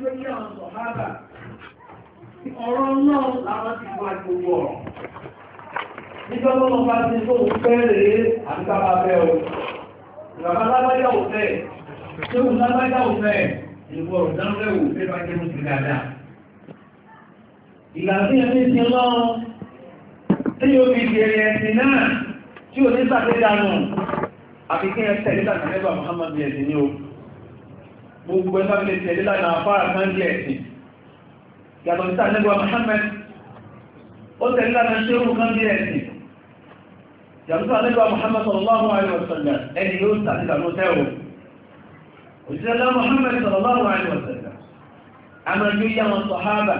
tó yí àwọn sọ̀hábà ọ̀rọ̀ náà láwọn ti wá gbogbo ọ̀rọ̀ nígbà tó lọ bá ti tó fẹ́ rèé àtàbà fẹ́ o ìrọ̀lá lábájá ò fẹ́ tó ń lábájá ò fẹ́ ìwọ̀ ìdánwẹ́ ò fẹ́ bá jẹ́ mọ́sí dáadáa ìlànà ẹni ti lọ tí yóò fi bèèrè ẹ̀sìn náà tí ò ní sàtẹ́dánù àfikẹ́ ẹ̀sẹ̀ nígbà tàbí gbogbo ẹgbẹ́ ilé tẹ̀lé lánà afárá kan díẹ̀ sí yàtọ̀ sí àlẹ́gbà Muhammad ó tẹ̀lé lánà ṣéhùn kan díẹ̀ sí yàtọ̀ sí àlẹ́gbà Muhammad sallallahu alaihi wasallam ẹni yóò tàbí tàbí tẹ́wò òṣìṣẹ́lá Muhammad sallallahu alaihi wasallam àmà yóò yá wọn sàhábà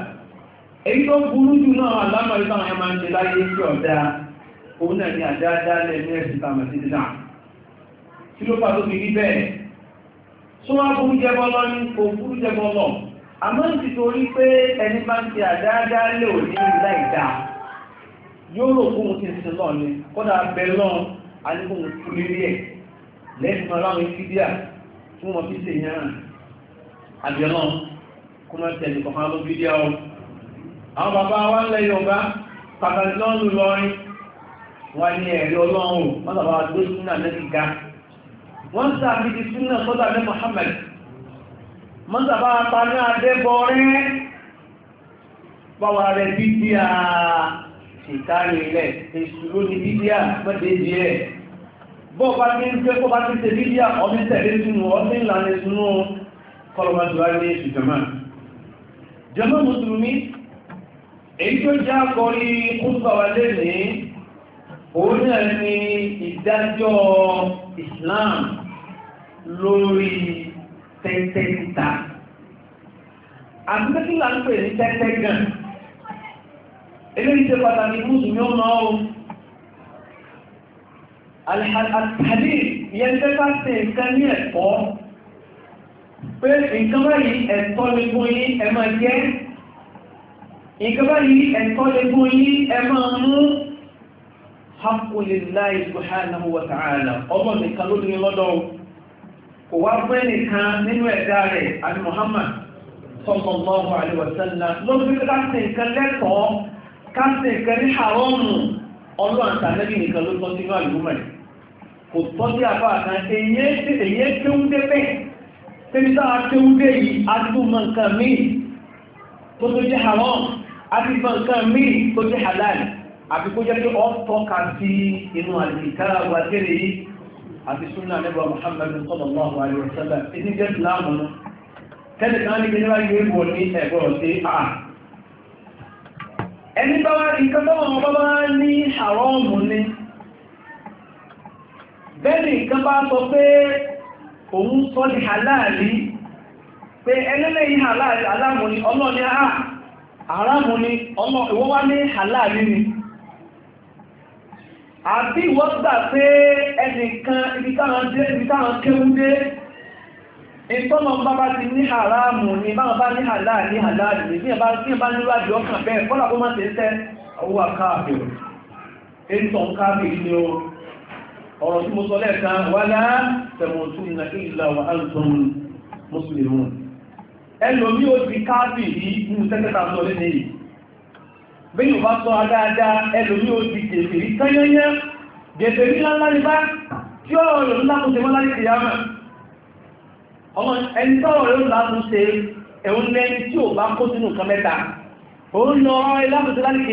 èyí tó burú jù náà alámọ̀ ìtàn ẹ̀ máa ń ṣe láyé sí ọ̀dá òun náà ni àdáadáa lẹ́ẹ̀mí ẹ̀sìn tàmà sí dídá kí ló fà tó fi rí bẹ́ẹ̀ tó wá burú jẹbọlọ ní kò burú jẹbọlọ àmọ́ ti torí pé ẹni bá ń ti àdáadáa lè ò ní ìlà ìdá yóò rò fún un ti sin náà ni kódà bẹ náà alẹ́kùn tó lérí ẹ̀ lẹ́yìn máa láwọn ìfídíà fún wọn fi ṣèyàn àbíọ́ náà kó máa tẹ̀lé kọ̀ọ̀kan ló fídíà o àwọn bàbá wa ń lẹ Yorùbá pàtàkì lọ́nù lọrin wọn ní ẹ̀rí ọlọ́run wọn sábà gbé sínú àmẹ́ríkà wọ́n sàmì ti súnà sọ́dà ní Muhammad mọ́sàbá apá ní adébọ́rẹ́ báwa rẹ̀ bídíà ṣìkárí ilẹ̀ èṣù ló ní bídíà mẹ́tẹ̀ èdè ẹ̀ bọ́ bá ti ń pẹ́ kó bá ti tẹ bídíà ọdún tẹ̀lé sínú ọdún ìlànà ìsúnú kọlọmọdúrà ní èṣù jọmọ́ jọmọ́ mùsùlùmí èyí tó já kọrí kúrúbà wa lẹ́nìí òun náà ni ìdájọ́ Islam lórí tẹ́tẹ́ títa àtúntẹ́tí là ń pè ní tẹ́tẹ́ gan eléyìí ṣe pàtàkì mùsùlùmí ó mọ́ o àtàdé ìyẹn tẹ́tà ṣe nǹkan ní ẹ̀kọ́ pé nǹkan báyìí ẹ̀tọ́ ni fún yín ẹ máa jẹ́ nǹkan báyìí ẹ̀tọ́ ni fún yín ẹ máa mú haqqu lillahi subhanahu wa ta'ala ọmọ nìkan ló dín lọ́dọ̀ kò wá fún ẹnìkan nínú ẹ̀dá rẹ̀ àti Muhammad sallallahu alaihi wasallam lóbi káṣí nǹkan lẹ́tọ̀ọ́ káṣí nǹkan ní haramu ọlọ́run tàbí nìkan ló tọ́ sínú àlùmọ̀ rẹ̀ kò tọ́ sí àbá kan èyí kéwú débẹ̀ tẹ́bí táwa dé yìí àti súnà lẹ́bọ̀ Muhammadu sallallahu alaihi wasallam ìní jẹ́ ìsìláàmù nù tẹ́lẹ̀ kan ní kíníwá yìí wọ̀ ní ẹ̀gbọ́ sí à ẹni bá wá nǹkan tó wọn bá wá ní àrọ́ọ̀mù ni bẹ́ẹ̀ni nǹkan bá sọ pé òun sọ ní aláàlí pé ẹlẹ́lẹ́ yìí àbí ìwọ́n gbà pé ẹnìkan ibi táwọn dé ibi táwọn kéwú dé ìtọ́nà bábá ti ní àráàmù ní báwọn bá ní àlá ní àlá ní bí ẹbá sí ẹbá níwájú ọkàn bẹ́ẹ̀ fọ́lá kó má ti tẹ́ owó àkáàbẹ̀ ètò káàbẹ̀ ní o ọ̀rọ̀ tí bẹ́yìn bá sọ adáadáa ẹlòmí ó ti kèfèrí kányányá gẹ̀ẹ́fẹ̀rí láńlá ní bá tí ó rẹ̀ ń lápùsẹ̀ mọ́ láti ìyámà ọmọ ẹni tọ́rọ̀ rẹ̀ ń lápùsẹ̀ ẹ̀hún lẹ́ni tí ò bá kó sínú kan mẹ́ta òun lọ ọ̀rẹ́ lápùsẹ̀ láti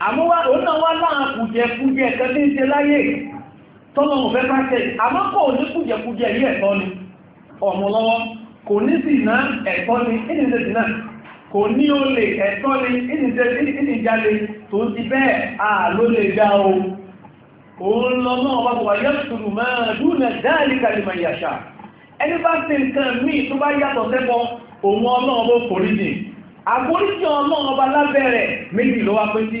àmúwá òun náà wá láàá kùjẹkùjẹ kan tí ń ṣe láyé tọ́lọ̀ òfẹ́ bá tẹ̀ àmọ́ kò ní kùjẹkùjẹ yí ẹ̀tọ́ ni ọmọ lọ́wọ́ kò ní ṣìnà ẹ̀tọ́ ni ìdíjẹ́ ṣìnà kò ní olè ẹ̀tọ́ ni ìdíjẹ́ tó ti bẹ́ẹ̀ àló lè dá o òun lọ náà wá wà yẹ́sùrù máa dúnà dáàlìkà lè máa yàṣà ẹni bá ṣe nǹkan míì tó bá yàtọ̀ sẹ́kọ̀ òun ọlọ́run ló foríjì àforíjì ọlọ́run ọba lábẹ́rẹ̀ méjì ló wá pé sí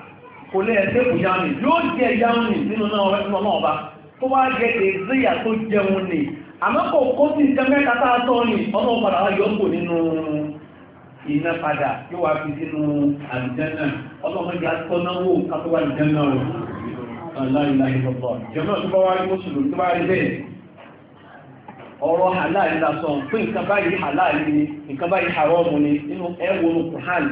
kò lè ẹgbẹ́ kò yá mi yóò jẹ ìyá mi nínú náà ọba tó bá jẹ èzíyà tó jẹun ni àmọ́ kó sí nǹkan mẹ́ta tá a tọ́ ni ọmọ padà wá yọ kò nínú iná padà yóò wá fi sínú àlùjànnà ọlọ́mọ ìyá tó náwó kátó wà àlùjànnà rẹ̀ aláìláì jẹ́mọ́ tó bá wá rí tó bá rí bẹ́ẹ̀ ọ̀rọ̀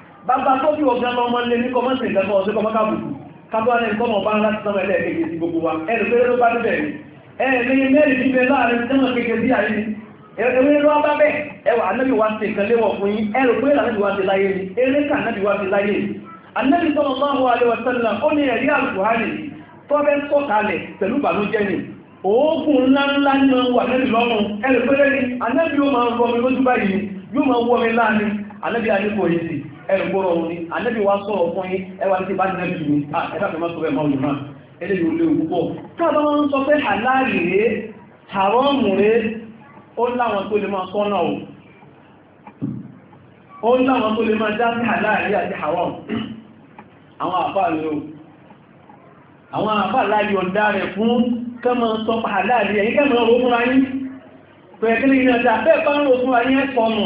bàbá tó bí ọgbẹ́ ọmọ lè ní kọmọ́sì ìgbẹ́kọ̀ ọ̀sẹ́ kọmọ́kàbùkù kábọ́lẹ̀ nǹkan ọba ńlá ti sọmọ ẹlẹ́ẹ̀kejì sí gbogbo wa ẹ̀rù pé ló bá níbẹ̀ ni ẹ̀ẹ̀mí mẹ́rin ti bẹ láàrin sẹ́wọ̀n kéke sí àyè ni ẹ̀rù ló bá bẹ́ ẹwà anábì wa ti nǹkan léwọ̀ fún yín ẹ̀rù pé anábì wa ti láyé ni eré ká anábì wa ti láyé ni anábì sọmọ máa wọ alẹ́ wàsánlá ó ní ẹ̀rí àlùkùhánì tọ́bẹ́ sọ̀kalẹ̀ pẹ̀lú bànújẹ́ ni oògùn ńláńlá ni wọn wà anábì lọ́rùn ẹ̀rù ẹ̀rùgbọ́rọ̀ òní anẹ́bí wá sọ̀rọ̀ fún yí ẹwà tí bá nẹ́bí mi ah, ẹ̀dàfẹ́mọ́ sọ bẹ́ẹ̀ máa wùn náà eléyìí olè púpọ̀ káàbá wọn sọ pé àláàrí rẹ̀ àrọ́mù rẹ̀ ó láwọn tó lè máa sọ́nà ò ó láwọn tó lè máa dá sí àláàrí àti àrọ́mù àwọn àfáà lè o àwọn àfáà láàrí ọ̀dá rẹ̀ fún kẹ́mọ̀ sọ pàhàláàrí ẹ̀yìn kẹ́mọ̀ rọ̀ fún ayé pẹ̀lú ìrìnàjà bẹ́ẹ̀ bá ń rọ̀ fún ayé ẹ̀kọ́ nù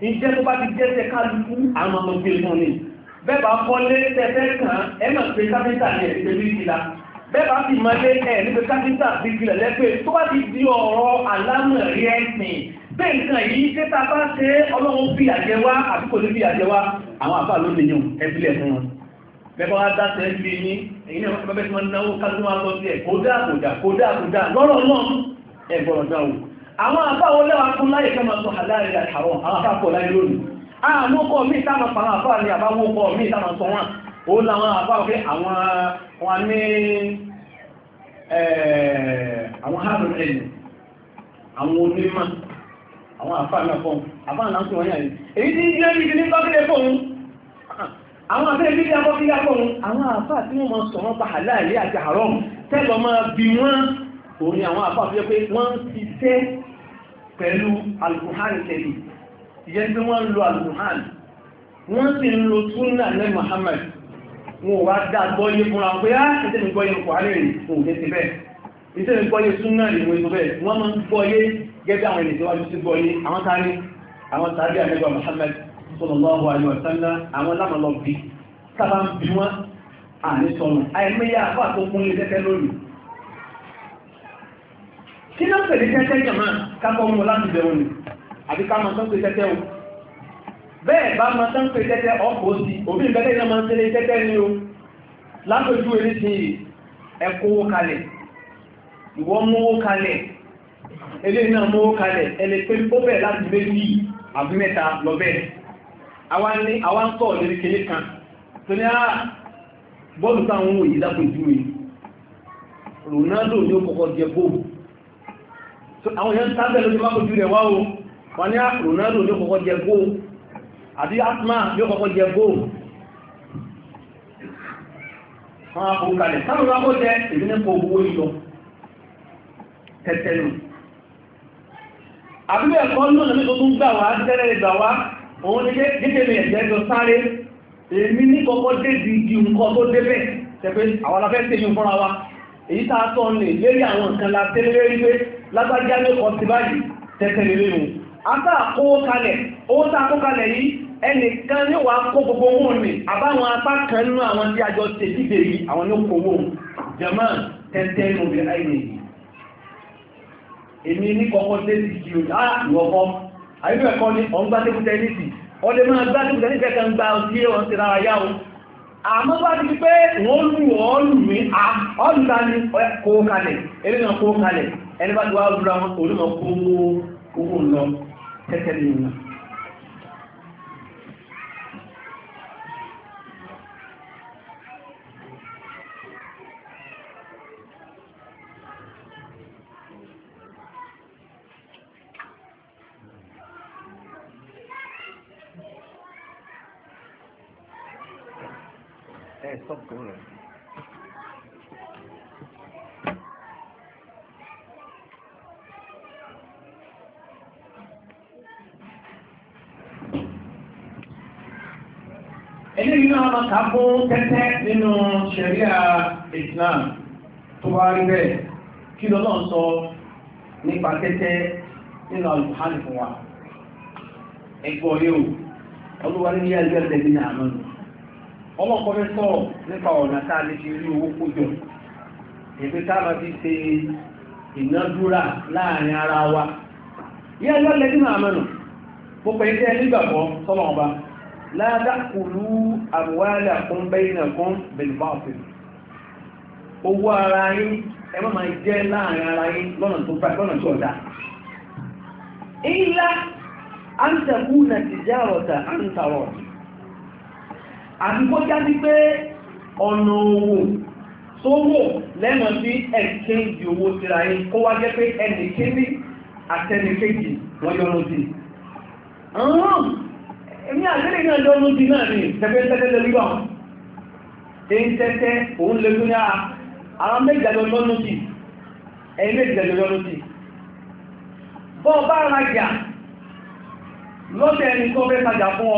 iṣẹ́ tó bá ti jẹ́ṣẹ́ kálukú àwọn ọmọ gbé fún ni bẹ́ẹ̀bà fọ́lé tẹ́fẹ́ kan ẹ̀mọ̀ pé kápẹ́ntà ní ẹ̀ẹ́dẹ́ bíríkìlá bẹ́ẹ̀bà fi mọ́lé ẹ̀ẹ́dẹ́ pé kápẹ́ntà bíríkìlá lẹ́pẹ́ tó bá ti di ọ̀rọ̀ alámọ̀rí ẹ̀sìn bẹ́ẹ̀ nǹkan yìí ṣé ta bá ṣe ọlọ́run fi àjẹ wá àbí kò ní fi àjẹ wá àwọn àfà ló lè yàn ẹbílẹ̀ fún wọn bẹ́ẹ̀bà wá dá sẹ́ bí ní ẹ̀yìn náà bẹ́ẹ̀ tí wọ́n náwó kálukú máa lọ sí ẹ̀ kódà kódà lọ́rọ̀ náà ẹ̀ àwọn àfáwọn lẹ́wà fún láyé kẹmọ̀ tó àláàrí àtàwọn àwọn àfáàkọ̀ láyé lónìí àmúkọ̀ mí sáàmà pàwọn àfáà ní àbáwọ́kọ̀ mí sáàmà sọ wọn ó láwọn àfáà pé àwọn wọn ní àwọn hàrùn ẹ̀yìn àwọn onímọ̀ àwọn àfáà náà fọ́n àfáà náà tí wọ́n yà yìí èyí tí ilé rí ní bábílẹ̀ fóun àwọn àfẹ́ ilé abọ́bílẹ̀ fóun àwọn àfáà tí wọ́n mọ sọ̀rọ̀ pa àláàrí àti àrọ́m tẹ́lọ máa bí wọ́n òun ni àwọn àfáà fi jẹ́ pé wọ́n ti tẹ́ pẹ̀lú alùhàn kẹrì ìyẹn tí wọ́n ń lo alùhàn wọ́n sì ń lo túnà ní Muhammad wọn wá dá gbọ́yé fúnra pé á ah, ìtẹ́ mi gbọ́yé Kùránì òun tẹ́ ti bẹ́ẹ̀ ìtẹ́ mi gbọ́yé túnà ìwé tó bẹ́ẹ̀ wọ́n máa ń gbọ́yé gẹ́gẹ́ àwọn ènìyàn wájú sí gbọ́yé àwọn tání àwọn tàbí àmẹ́gbà Muhammad sallallahu alaihi wa sallam àwọn lámàlọ́bí sábà ń bí wọ́n àníṣọ́nù àìmẹ́yà àpá tó kún ilé tẹ́tẹ́ lónìí kí ló pèlè tẹ́tẹ́ jọmọ́ kápọ̀ mú láti bẹ̀rún ni àbí ká máa tán pé tẹ́tẹ́ o bẹ́ẹ̀ bá máa tán pé tẹ́tẹ́ ọkọ̀ sí òbí ìbẹ́lẹ̀ iná máa ń tẹ́lẹ̀ tẹ́tẹ́ ni o lápẹjú eré sí ẹkówó kalẹ̀ ìwọ mówó kalẹ̀ elé náà mówó kalẹ̀ ẹlẹ́ pé ó bẹ̀ láti méjì àbí mẹ́ta lọ bẹ́ẹ̀ àwa ní àwa ń kọ́ lórí kele kan tó ní á ah, bọ́ọ̀lù táwọn òyìn lápẹjú rẹ̀ Ronaldo ni ó kọ́kọ́ jẹ bóòlù àwọn èèyàn tábẹ̀ lójú máa kojú rẹ̀ wá o wọ́n ní Ronaldo yóò kọ́kọ́ jẹ góò àbí asma yóò kọ́kọ́ jẹ góò wọ́n á kọ́kọ́ kalẹ̀ sáwọn ọmọ akọ́ jẹ èyí ní kọ́ owó yìí lọ tẹ́tẹ́ nù àbí bẹ́ẹ̀ kọ́ lónà mi tó tún gbà wá tẹ́lẹ̀ gbà wá òun ní kéde mi ẹ̀jẹ̀ jọ sáré èmi ní kọ́kọ́ dé di di nǹkan tó débẹ̀ tẹ́pẹ́ àwọn afẹ́ tẹ́yìn fúnra wa èyí tá a sọ ní lérí àwọn nǹkan la tẹ́lẹ̀ lérí pé lágbájá ló kọ sí báyìí tẹ́tẹ̀lẹ̀ lẹ́nu afẹ́ àkówó kalẹ̀ owó tá a kó kalẹ̀ yìí ẹnìkan ní wàá kó gbogbo owó ni àbáwọn apá kan nínú àwọn tí àjọ ṣe dídè yìí àwọn ní kò wó jẹ̀mọ́ tẹ́tẹ́ nù bí àìní èmi ní kọ́kọ́ débi kí o á ah, ìwọ̀kọ́ àyíkú ẹ̀kọ́ ni ọ̀n gbá tẹ́kùtẹ́ níbi ọdẹ máa gbá àmọ́ bá ti pé wọ́n lù ọ́ lù mí ọ́ lù ta ni kó kalẹ̀ ẹni bá ti wá rúra onímọ̀ kúrú owó lọ tẹ́tẹ́ ní ìlú Stop going. kápó tẹ́tẹ́ nínú ṣẹ̀ríà Islam tó bá rí bẹ́ẹ̀ kí sọ nípa tẹ́tẹ́ nínú alùpùpù fún wa ẹgbọ́ yóò ọlọ́wà ní ẹgbẹ́ nípa ọ̀nà tá a lè fi ta owó láàrin ara wa la ta'kulu amwalakum bainakum bil batil owó ara yín ẹ má máa jẹ́ láàrin ara yín lọ́nà tó bá lọ́nà tó dá illa an takuna tijarata an taro àbíkó jáde pé ọ̀nà owó tó wò lẹ́nà sí exchange owó síra yín kó wá jẹ́ pé ẹnìkéjì àtẹnìkéjì wọ́n yọ́nú sí èmi àgbẹ̀rẹ̀ náà lọ́nu ti náà ni tẹ́fẹ́ tẹ́tẹ́ lórí wọn èyí tẹ́tẹ́ òun lè fún yára àwọn méjìdàjọ lọ́nu ti ẹ̀yìn méjìdàjọ lọ́nu ti bọ́ bá rajà lọ́sẹ̀ ẹni tó fẹ́ rajà fún ọ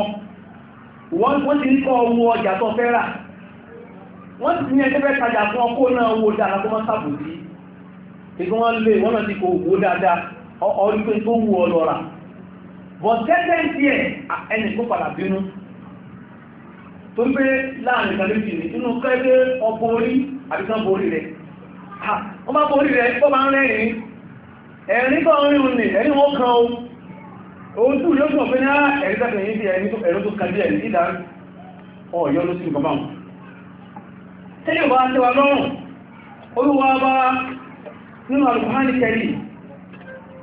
wọ́n ti ń kọ́ owó ọjà tó fẹ́ rà wọ́n ti ní ẹgbẹ́ fẹ́ rajà fún ọ kó náà owó dára tó máa sàbòsí ìgbọ́n wọn lè wọ́n náà bọ̀ tẹ́tẹ́ tí ẹ̀ ẹni kó padà bínú tó gbé láàrin ìtàlẹ́ ìfì ní inú kẹ́lẹ́ ọkọ̀ orí àbíkan borí rẹ̀ wọ́n bá borí rẹ̀ pọ́ máa ń rẹ́rìn ẹ̀rin bá orin òun ní ẹ̀rin wọ́n kan o òun tún ló sọ pé ah, ní ẹ̀rin tẹ́tẹ́ yìí ti ẹ̀rin tó kàdí ẹ̀rin ìdá ọ̀yọ́ ló sì nǹkan báwọn tẹ́lẹ̀ wá tẹ́wà lọ́rùn olúwa bá nínú àlùkùnrin kẹrì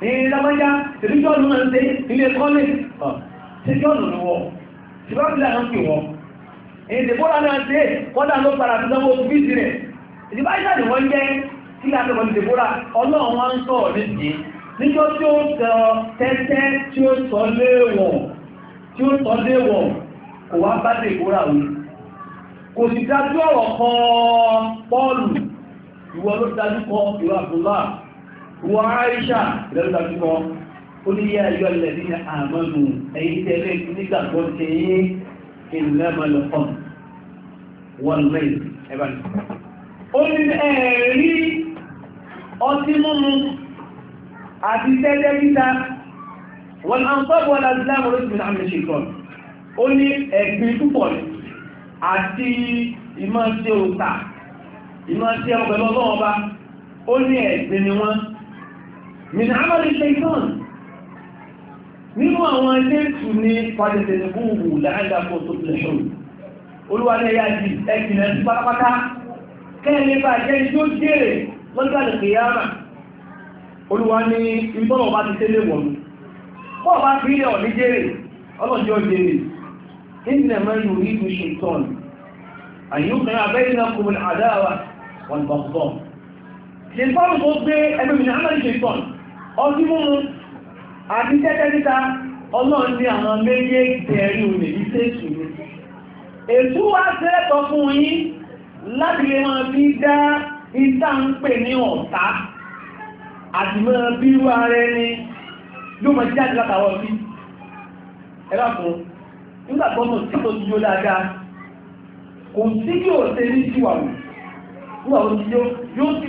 ìlàmọ́já tìríjọ́nù náà ṣe ilé kọ́lé tìríjọ́nù ni wọ́n ṣìbábílà náà fi wọ́n ìdìbòrà náà ṣe kọ́dà ló para ti lọ́wọ́ bí ti rẹ̀ ìdìbá ìṣà ni wọ́n jẹ́ kí látọ̀kọ̀ ìdìbòrà ọlọ́run wá ń sọ méjì níjọ́ tí ó sọ tẹ́tẹ́ tí ó sọ léwọ̀n tí ó sọ léwọ̀n kò wá bá ti ìbòrà wù kò sì dájú ọ̀rọ̀ kan pọ́ọ̀lù ìwọ ló dájú kan ìwà àbúlá wọ́n àìṣà ìrẹ́lẹ́ta kíkọ́ ó ní yá ayọ́ lẹ́bí àmọ́nù ẹ̀yìn tẹ́lẹ̀ nígbàgbọ́ ṣe yé ìlẹ́mọ̀lọ́kàn wọ́n mẹ́rin ẹ̀bá ní. ó ní ẹ̀rí ọtí mímu àti tẹ́lẹ̀ títa wọ́n á ó ní ẹ̀gbin ni wọ́n min amali shaitan nínú àwọn ilé ìtù ní pàdẹ̀tẹ̀ gbogbo làádàpọ̀ tó tilẹ̀ ṣọ́rù olúwalẹ̀ ya di ẹ̀kìnlẹ̀ sí pátápátá kẹ́ẹ̀lẹ́ bá jẹ́ tí ó jẹ́rẹ̀ lọ́jọ́ àdìkìyàmà olúwa ní ìtọ́nà bá ti tẹ́lẹ̀ wọ̀lú pọ́ bá fi ilẹ̀ ọ̀dí jẹ́rẹ̀ ọlọ́jọ́ jẹ́rẹ̀ ìnà mẹ́rin orí ìlú ṣetán àyíkùnrin abẹ́yìn náà kò ọdí múmu àti tẹ́tẹ́ títa ọlọ́run ní àwọn méjèèjì ẹ̀rí olè ní sẹ́ẹ̀sù ni ètú wá sẹ́ẹ̀tọ̀ fún yín láti lè máa fi dá ìta ń pè ní ọ̀tá àti máa bí wá rẹ ni yóò máa jáde látàwọ̀ bí ẹ̀rọ fún nígbàgbọ́ mọ̀ sí tó ti yó dáadáa kò sí kí òṣèlú ti wà wù yóò ti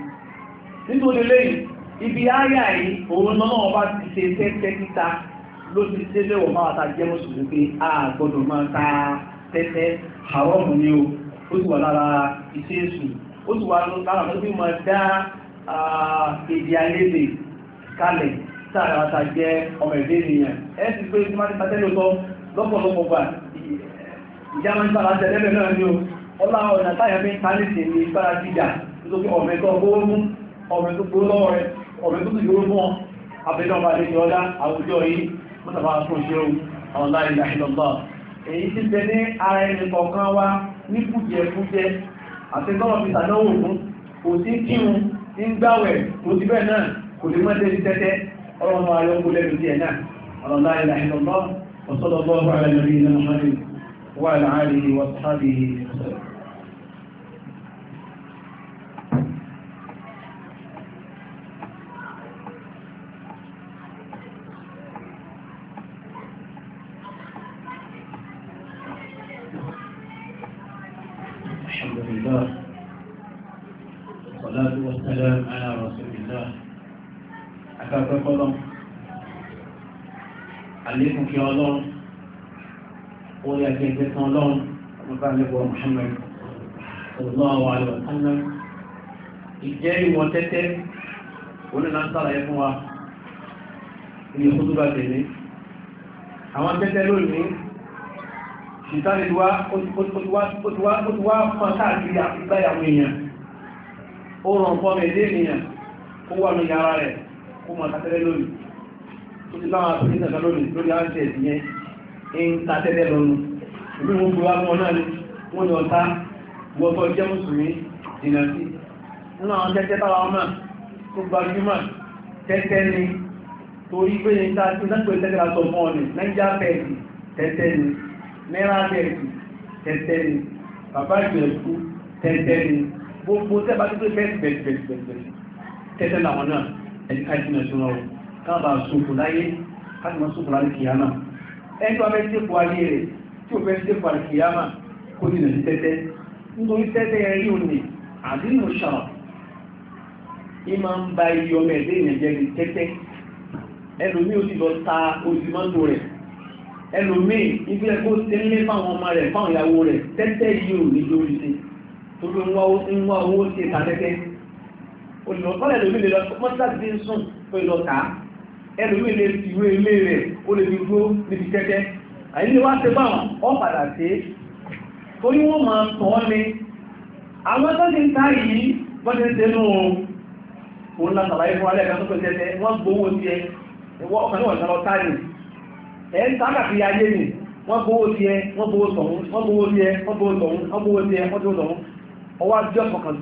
nítorí lẹ́yìn ibi áyà yìí òun náà ọba ti ṣe tẹ́tẹ́ títa ló ti ṣe lẹ́wọ̀ máa ta jẹ́ pé a gbọ́dọ̀ máa ta tẹ́tẹ́ àwọ̀mù ni o ó sì wà lára iṣẹ́ èṣù ó sì wà lára tó fi máa dá èdè kalẹ̀ sára ta jẹ́ ọmọ ènìyàn ẹ pé tí máa ti ta tẹ́lẹ̀ tọ́ lọ́pọ̀lọpọ̀ gbà ìjà máa ń sára tẹ́lẹ̀ ni o ọlá ọ̀nà táyà fi ń ta ọ̀rẹ́ tó gbó lọ́wọ́ rẹ̀ ọ̀rẹ́ tó ti gbó mọ́ abẹ́lọ́ba àlejò ọlá àwùjọ yìí mọ́tàbá fún ìṣẹ́ ohun àwọn láìlà ìlọ́gbà èyí ti bẹ ní ara ẹni kọ̀ọ̀kan wá ní kùjẹkùjẹ àti tọ́wọ́ fi sàdánwò وصلى الله على نبينا محمد وعلى آله وأصحابه àlékún kí ọlọ́run orí àjẹjẹ kan ọlọ́run ọmọbá lẹ́wọ̀ Muhammad sallallahu alaihi wa sallam ìjẹ́ ìwọ̀n tẹ́tẹ́ onílànsára ẹ fún wa ní ìkútúbà tẹ̀lé àwọn tẹ́tẹ́ lónìí ìtàlẹ̀ wá fún káàkiri àgbáyàwó èèyàn ó rọ̀ fọ́mẹ̀ lé ènìyàn ó wà ní yàrá rẹ̀ kó mọ̀ tàtẹ́lẹ́ lónìí tó ti láwọn àpèjì náà lórí lórí àṣẹ ìyẹn ń ta tẹ́lẹ̀ lọ́nu ìlú wọn gbé wá mọ́ náà ni wọ́n yọ ta wọ́tọ̀ jẹ́ mùsùlùmí dìnà sí nínú àwọn tẹ́tẹ́ bá wọn náà tó gbajúmọ̀ tẹ́tẹ́ ni torí pé ní ta tí lẹ́gbẹ̀ẹ́ tẹ́tẹ́ la sọ fún ọ ni nàìjíríà pẹ̀lú tẹ́tẹ́ ni náírà pẹ̀lú tẹ́tẹ́ ni bàbá ìgbẹ̀kú tẹ́tẹ́ ni gbogbo tẹ́ bá ti pé bẹ́ẹ̀ bẹ́ẹ̀ bẹ́ẹ̀ náà káàbà ṣòfò láyé káàbà máa ṣòfò láyé kìyàmà ẹni tó abẹ́ sépò ayé rẹ̀ tí ò fẹ́ sépò ayé kìyàmà kó nínú sí tẹ́tẹ́ nítorí tẹ́tẹ́ yẹn yóò ní àdínú ṣàrọ̀ ní máa ń ba iye ọmọ ẹ̀dẹ́ ìyẹn jẹ́ ní tẹ́tẹ́ ẹlòmíì ó sì lọ ta oṣù mọ́tò rẹ̀ ẹlòmíì ibi ẹ̀ kó ṣe ń lé fáwọn ọmọ rẹ̀ fáwọn ìyàwó rẹ̀ tẹ́tẹ́ yìí ò ní lórí sí torí ń wá owó ṣe ta tẹ́tẹ́ olùdókòlẹ̀ lòmíì lè lọ mọ́tàdínsùn pé lọ tàá ẹlòmíì lè fi ìwé ilé rẹ̀ ó lè fi dúró níbi tẹ́tẹ́ àìní wá ṣe bá wọn ọ padà ṣe é torí wọ́n máa tọ̀ ọ́ àwọn tó ti ń ta yìí wọ́n ti òun la fún alẹ́ ìdájọ́ pẹ̀lú ẹ̀tẹ́ wọ́n gbowó sí ẹ wọ́n ọkàn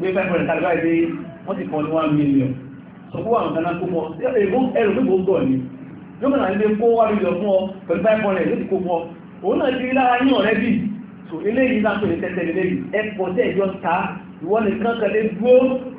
níwọ̀n wọ́n sọ̀kọ́ wà nǹkan tó mọ́ ẹ̀rù mí gbogbo ni gómìnà ilé kó wà ní fún ọ pẹ̀lú báyìí rẹ̀ ló kó fún òun náà ti lára yín ọ̀rẹ́ bì so eléyìí náà pèlè tẹ́tẹ́ eléyìí ẹ̀pọ̀ tẹ́ ìjọ ta ìwọ nìkan kẹlẹ́ dúró